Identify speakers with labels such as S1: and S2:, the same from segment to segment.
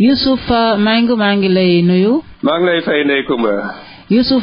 S1: Youssouf euh, Mbengue maa ngi lay nuyu.
S2: maa ngi lay fay Ndeye Comba.
S1: Youssouf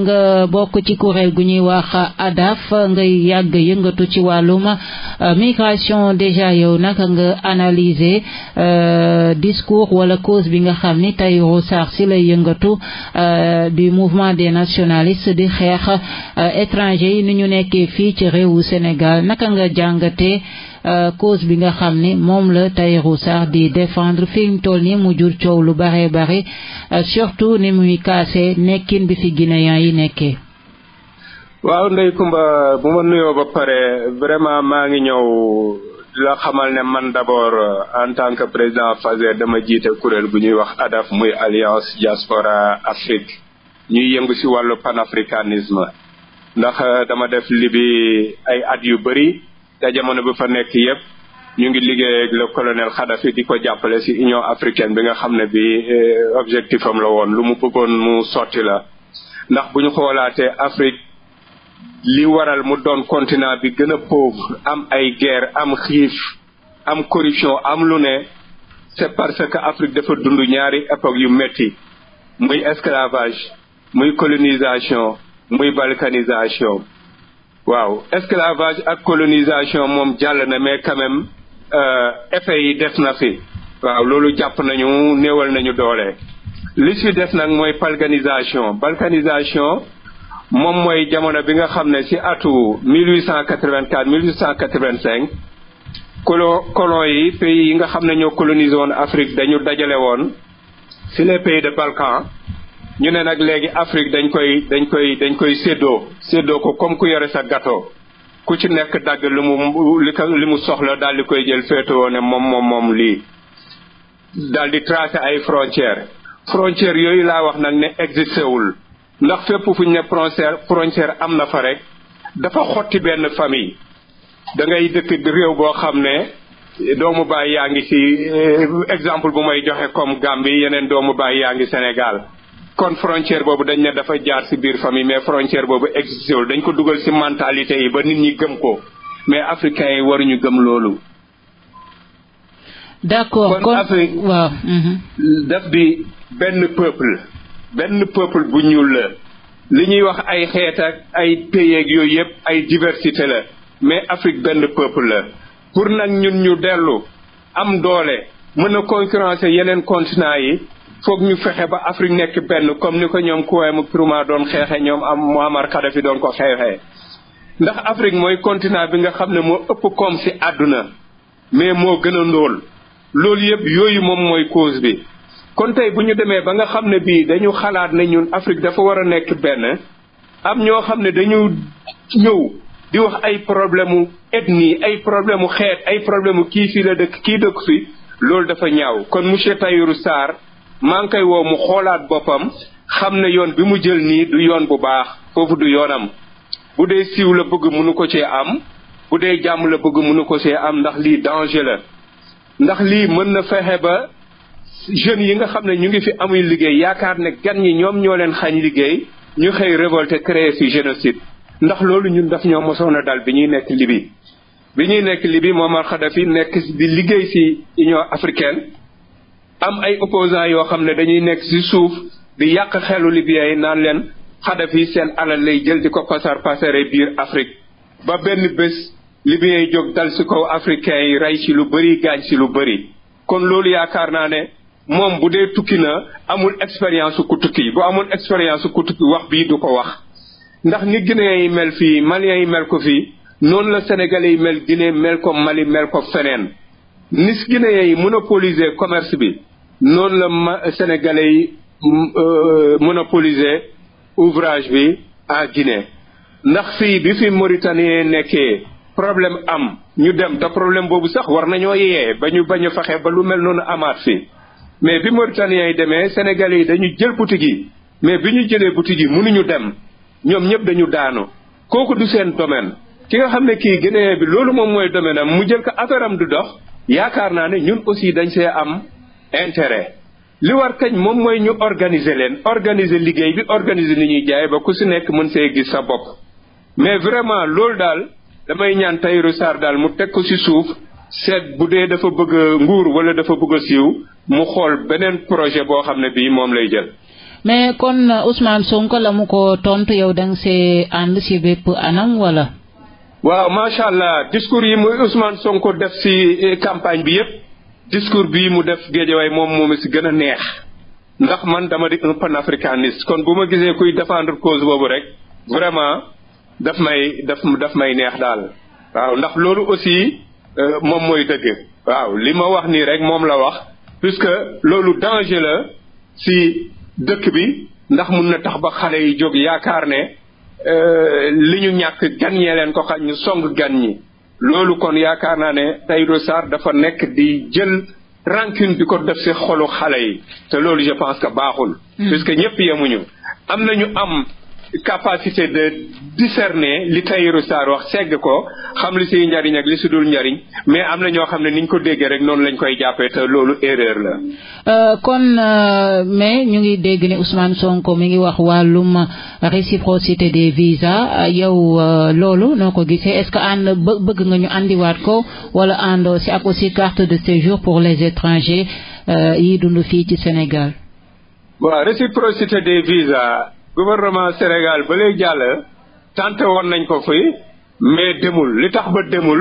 S1: nga bokk ci kuréel gu ñuy wax ADAF ngay yàgg yëngatu ci wàllum euh, migration déjà yow naka nga analyser euh, discours wala cause bi nga xam ni Tahirou Sarr si lay yëngatu du mouvement des nationalistes di xeex étranger yi ni ñu nekkee fii ci réewu Sénégal naka nga jàngate Euh, cause bi nga xam ni moom la Tahirou Sarr di défendre fi mu toll nii mu jur coow lu bare bare euh, surtout ni muy kaase nekkin bi fi guinéen yi nekkee.
S2: waaw Ndeye Comba bu ma nuyoo ba pare vraiment maa ngi ñëw di la xamal ne man d'abord euh, en tant que président Fazer dama jiite kuréel bu ñuy wax ADAF muy Alliance Diaspora Afrique ñuy yëngu ci wàllu panafricanisme ndax dama def libi ay at yu bari da jamono bi fa nekk yépp ñu ngi liggéey ak le colonel Khadafi di ko jàppale si Union africaine bi nga xam ne bi euh, objectif am la woon lu mu bëggoon mu sotti la ndax bu ñu xoolaatee Afrique li waral mu doon continent bi gën a pauvre am ay guerre am xiif am corruption am lu ne c'est parce que Afrique dafa dund ñaari époque yu metti muy esclavage muy colonisation muy balkanisation waaw esclavage ak colonisation moom jàll na mais quand même euh, effet yi des na fi waaw loolu jàpp nañu néewal nañu doole li si des nag mooy balkanisation balkanisation moom mooy jamono bi nga xam ne si atu 1884 1885 colo colon yi pays yi nga xam ne ñoo colonisé woon Afrique dañu dajale woon si les pays de Balkan ñu ne nag léegi Afrique dañ koy dañ koy dañ koy séddoo séddoo ko comme ku yore sa gâteau ku ci nekk dagg lu mu li ko li mu soxla daal di koy jël féetewoo ne moom moom moom lii daal di tracé ay frontières frontières yooyu laa wax nag ne existé wul ndax fépp fu ñu ne frontière frontière am na fa rek dafa xotti benn famille da ngay dëkk réew boo xam ne doomu baay yaa ngi ci euh, exemple bu may joxe comme Gambie yeneen doomu baay yaa ngi Sénégal kon frontière boobu dañ ne dafa jaar ci biir famille mais frontière boobu existé wul dañ ko dugal ci mentalité yi ba nit ñi gëm ko mais africains yi waruñu gëm loolu. d'accord kon Afrique waaw. Mhm. daf di benn peuple benn peuple bu ñuul la li ñuy wax ay xeet ak ay pays yooyu yëpp ay diversité la mais Afrique benn peuple la pour nag ñun ñu dellu am doole mën a concurrencer yeneen continent yi. foog ñu fexe ba Afrique nekk benn comme ni ko ñoom Kouéma Nkrumah doon xeexe ñoom am Muammar Kadhafi doon ko xeexee ndax Afrique mooy continent bi nga xam ne moo ëpp koom ci àdduna mais moo gën a ndóol loolu yëpp yooyu moom mooy cause bi kon tey bu ñu demee ba nga xam ne bii dañu xalaat ne ñun Afrique dafa war a nekk benn am ñoo xam ne dañu ñëw di wax ay problème mu ethnie ay problème mu xeet ay problème mu kii fii la dëkk kii dëkk fii loolu dafa ñaaw kon monsieur Tahirou Sarr maa koy woo mu xoolaat boppam xam na yoon bi mu jël nii du yoon bu baax foofu du yoonam bu dee siiw la bëgg mënu ko cee am bu dee jàmm la bëgg mënu ko cee am ndax lii danger la ndax lii mën na fexe ba jeunes yi nga xam ne ñu ngi fi amuy liggéey yaakaar ne gan ñi ñoom ñoo leen xañ liggéey ñu xëy révolte créer fi génocide ndax loolu ñun daf ñoo mosoon a dal bi ñuy nekk Libye bi ñuy nekk Libye Muammar Kadhafi nekk di liggéey ci Union africaine am ay opposants yoo xam ne dañuy nekk ci suuf di yàq xelu libyens yi naan leen Xadafi seen alal lay jël di ko pasar pasare biir Afrique ba benn bés libyens yi jóg dal ci kaw africains yi rey ci lu bëri gaañ ci lu bëri kon loolu yaakaar naa ne moom bu dee tukki na amul expérience ku tukki bu amul expérience ku tukki wax bii du ko wax ndax ni Guinéen yi mel fii Maliens yi mel ko fii noonu la Sénégalais yi mel Guinée mel ko Mali mel ko feneen nis Guinéen yi monopoliser commerce bi noonu la ma sénégalais yi euh, monopoliser ouvrage bi en Guinée ndax fii bi fi Mauritanien nekkee problème am ñu dem te problème boobu sax war nañoo yee ba ñu bañ a fexe ba lu mel noonu amaat fi mais bi Mauritanien yi demee sénégalais yi dañu jël boutique yi mais bi ñu jëlee boutique yi mënuñu dem ñoom ñëpp dañu daanu kooku du seen domaine ki nga xam ne kii Guinée bi loolu moom mooy domaine mu jël ko affaire am du dox yaakaar naa ne ñun aussi dañ see am intéret li war kañ moom mooy ñu organiser leen organiser liggéey bi organiser ni ñuy jaay ba ku si nekk mën see gis sa bopp mais vraiment loolu daal damay ñaan Tahirou Sarr daal mu teg ku si suuf seet bu dee dafa bëgg nguur wala dafa bëgg a siiw mu xool beneen projet boo xam ne bii moom lay jël
S1: mais kon Ousmane Sonko la mu ko tontu yow da see ànd si bépp anam wala
S2: waaw macha allah discours yi muy Ousmane Sonko def si campagne bi yépp discours bii mu def géejawaay moom moom si gën a neex ndax man dama di un panafricaniste kon bu ma gisee kuy défendre cause boobu rek vraiment daf may daf daf may neex daal waaw ndax loolu aussi euh, moom mooy dëgg waaw li ma wax nii rek moom la wax puisque loolu danger la si dëkk bi ndax mun na tax ba xale yi jóg yaakaar ne euh, li ñu ñàkk gan ñee leen ko xañ ñu song gan ñi loolu kon yaakaar naa ne Tahirou Sarr dafa nekk di jël rancune bi ko def si xolu xale yi te loolu je pense que baaxul. Hmm. puisque ñëpp yemuñu am nañu am. capacité de discerner li Tahirou Sarr wax segg ko xam li si njariñ ak li si dul njariñ mais am na ñoo xam ne niñ ko déggee rek noonu lañ koy jàppee te loolu erreur la.
S1: Euh, kon euh, mais ñu ngi dégg ne Ousmane Sonko mi ngi wax wàllum réciprocité des visas yow euh, loolu noo ko gisee est-ce que ànd bëgg nga ñu àndiwaat ko wala àndoo si ak aussi carte de séjour pour les étrangers yi dund fii ci Sénégal.
S2: waaw réciprocité des visas. gouvernement Sénégal ba léegi jàll tenté woon nañ ko fi mais demul li tax ba demul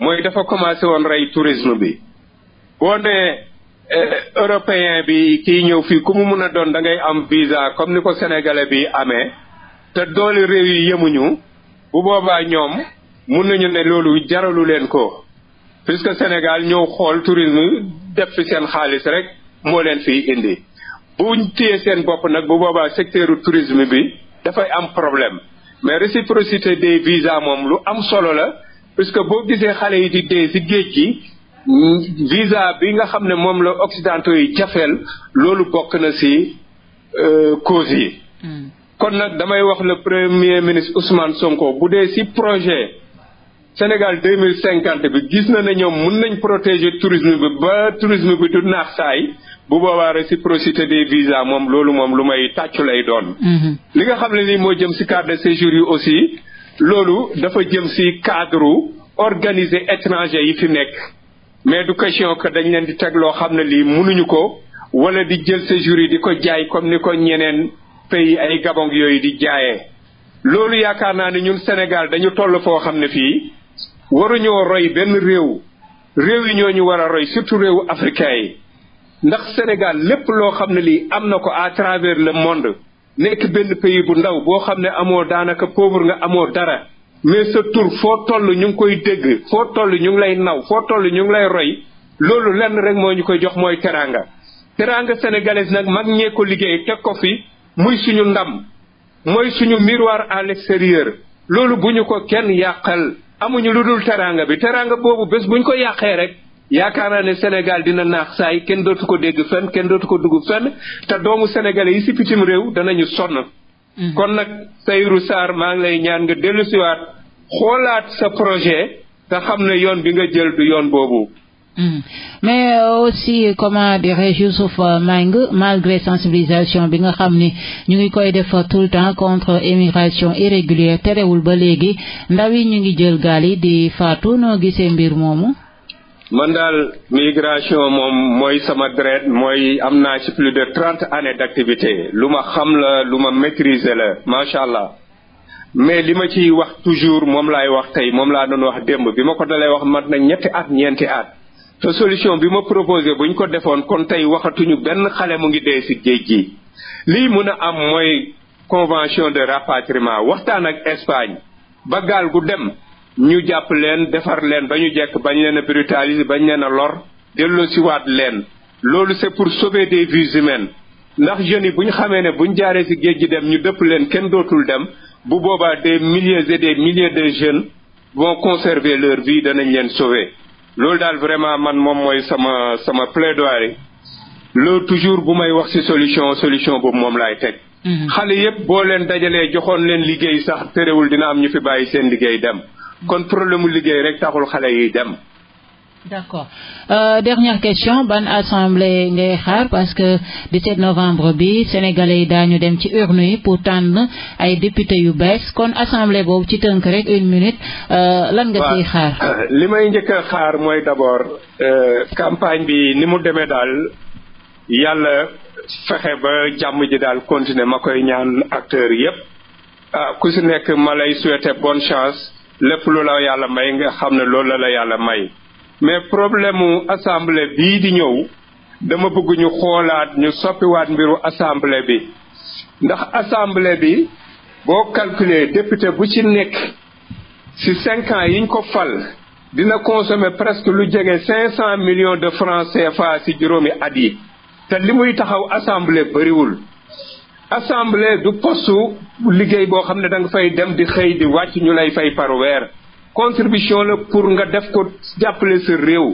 S2: mooy dafa commencé woon rey tourisme bi boo nee eh, européen bi kiy ñëw fii ku mu mun a doon da ngay am visa comme ni ko sénégalais bi amee te doole réew yi yemuñu bu boobaa ñoom mun nañu ne loolu jaralu leen ko puisque Sénégal ñëw xool tourisme def fi seen xaalis rek moo leen fiy indi buñ téye seen bopp nag bu boobaa secteuru tourisme bi dafay am problème mais réciprocité des visas moom lu am solo la parce que boo gisee xale yi di dee ci géej gi visa bi nga xam ne moom la occidentaux yi jafeel loolu bokk na ci euh, cause yi hmm. kon nag damay wax le premier ministre Ousmane Sonko bu dee ci projet Sénégal deux mille cinquante bi gis na ne ñoom mun nañ protéger tourisme bi ba tourisme bi du naax saay bu boobaa réciprocité des visas moom loolu moom lu may tàccu lay doon. Mm-hmm. li nga xam ne nii moo jëm si carte de séjour yi aussi loolu dafa jëm si cadre organisé étranger yi fi nekk mais du question que dañ leen di teg loo xam ne lii munuñu ko wala di jël séjour yi di ko jaay comme ni ko ñeneen pays ay gabon yooyu di jaayee. loolu yaakaar naa ni ñun Sénégal dañu toll foo xam ne fii. waruñoo roy benn réew réew yi ñoo ñu war a roy surtout réewu africain yi ndax Sénégal lépp loo xam ne lii am na ko à travers le monde nekk benn pays bu ndaw boo xam ne amoo daanaka pauvre nga amoo dara mais sa tur foo toll ñu ngi koy dégg foo toll ñu ngi lay naw foo toll ñu ngi lay roy loolu lenn rek mooy ñu koy jox mooy teraanga teraanga sénégalaise nag mag ñee ko liggéey teg ko fi muy suñu ndam mooy suñu miroir à l'extérieur loolu bu ñu ko kenn yàqal amuñu lu dul teraanga bi teraanga boobu bés bu ñu ko yàqee rek yaakaar naa ne Sénégal dina naax saay kenn dootu ko dégg fenn kenn dootu ko dugg fenn te doomu sénégalais yi si bitim réew danañu sonn. Mhm. kon nag Seydou Sarr maa ngi lay ñaan nga dellusiwaat xoolaat sa projet te xam ne yoon bi nga jël du yoon boobu.
S1: Mmh. mais euh, aussi comment dirais-je Youssouf euh, Mbengue malgré sensibilisation bi nga xam ni ñu ngi koy def tout le temps contre immigration irrégulière terewul ba léegi ndaw yi ñu ngi jël gaal yi di faatu noo gisee mbir moomu.
S2: man daal migration moom mooy sama deret mooy am naa ci plus de trente années d'activité lu ma xam la lu ma maîtriser la macha allah. mais li ma ciy wax toujours moom lay wax tey moom laa doon wax démb bi ma ko dalee wax mat na ñetti at ñeenti at. te solution bi ma proposé ñu ko defoon kon tey waxatuñu benn xale mu ngi dee ci géej gi lii mun a am mooy convention de rapatriement waxtaan ak Espagne ba gaal gu dem ñu jàpp leen defar leen ba ñu jekk bañ leen a brutaliser bañ leen a lor delloosiwaat leen loolu c'est pour sauver des vies humaines ndax jeunes yi bu ñu xamee ne bu ñu jaaree ci géej gi dem ñu dëpp leen kenn dootul dem bu boobaa des milliers et des milliers de jeunes vont conserver leur vie danañ leen sauver loolu daal vraiment man moom mooy sama sama plaidoyer loolu toujours bu may wax ci solution solution boobu moom lay teg. Mhm. xale yépp boo leen dajalee joxoon leen liggéey sax terewul dina am ñu fi bàyyi seen liggéey dem. Mhm. kon problème mu liggéey rek taxul xale yi dem.
S1: d' accord euh, dernière question ban assemblée ngay xaar parce que 17 novembre bi sénégalais yi daañu dem ci urne yi pour tànn ay député yu bees kon assemblée boobu ci tënk rek une minute euh, lan nga ciy xaar.
S2: li may njëkk a xaar mooy d' abord euh, campagne bi ni mu demee daal yàlla fexe ba jàmm ji daal continuer ma koy ñaan acteurs yépp ah, ku si nekk ma lay souhaiter bonne chance lépp lu la yàlla may nga xam ne loolu la la yàlla may. mais problème mu assemblée bii di ñëw dama bëgg ñu xoolaat ñu soppiwaat mbiru assemblée bi ndax assemblée bi boo calculer député bu ci nekk ci cinq ans yiñ ko fal dina consommer presque lu jege cinq cent millions de francais CFA ci juróomi at yi te li muy taxaw assemblée bariwul assemblée du postu liggéey boo xam ne danga nga fay dem di xëy di wàcc ñu lay fay par weer contribution la pour nga def ko jàppale sa réew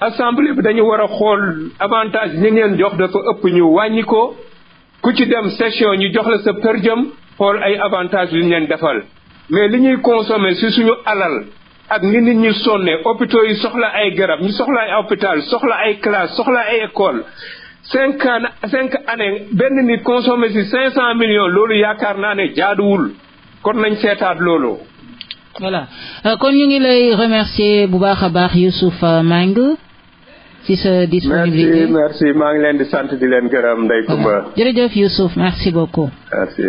S2: assemblée bi dañu war a xool avantage ñi ngeen jox da dafa ëpp ñu wàññi ko ku ci dem session ñu jox la sa për jëm xool ay avantage yu ñu defal mais li ñuy consommer si suñu alal ak ni nit ñu sonne hôpitaux yi soxla ay garab ñu soxla ay hôpital soxla ay classe soxla ay école cinq ans cinq années benn nit consommé si cinq cent millions loolu yaakaar naa ne jaaduwul kon nañ seetaat loolu
S1: voilà euh, kon ñu ngi lay remercier bu baax a baax Youssouf euh, Mbengue ci sa disponibilité merci
S2: merci maa ngi leen di sant di leen gërëm Ndeye Comba.
S1: jërëjëf Youssouf merci beaucoup.
S2: merci.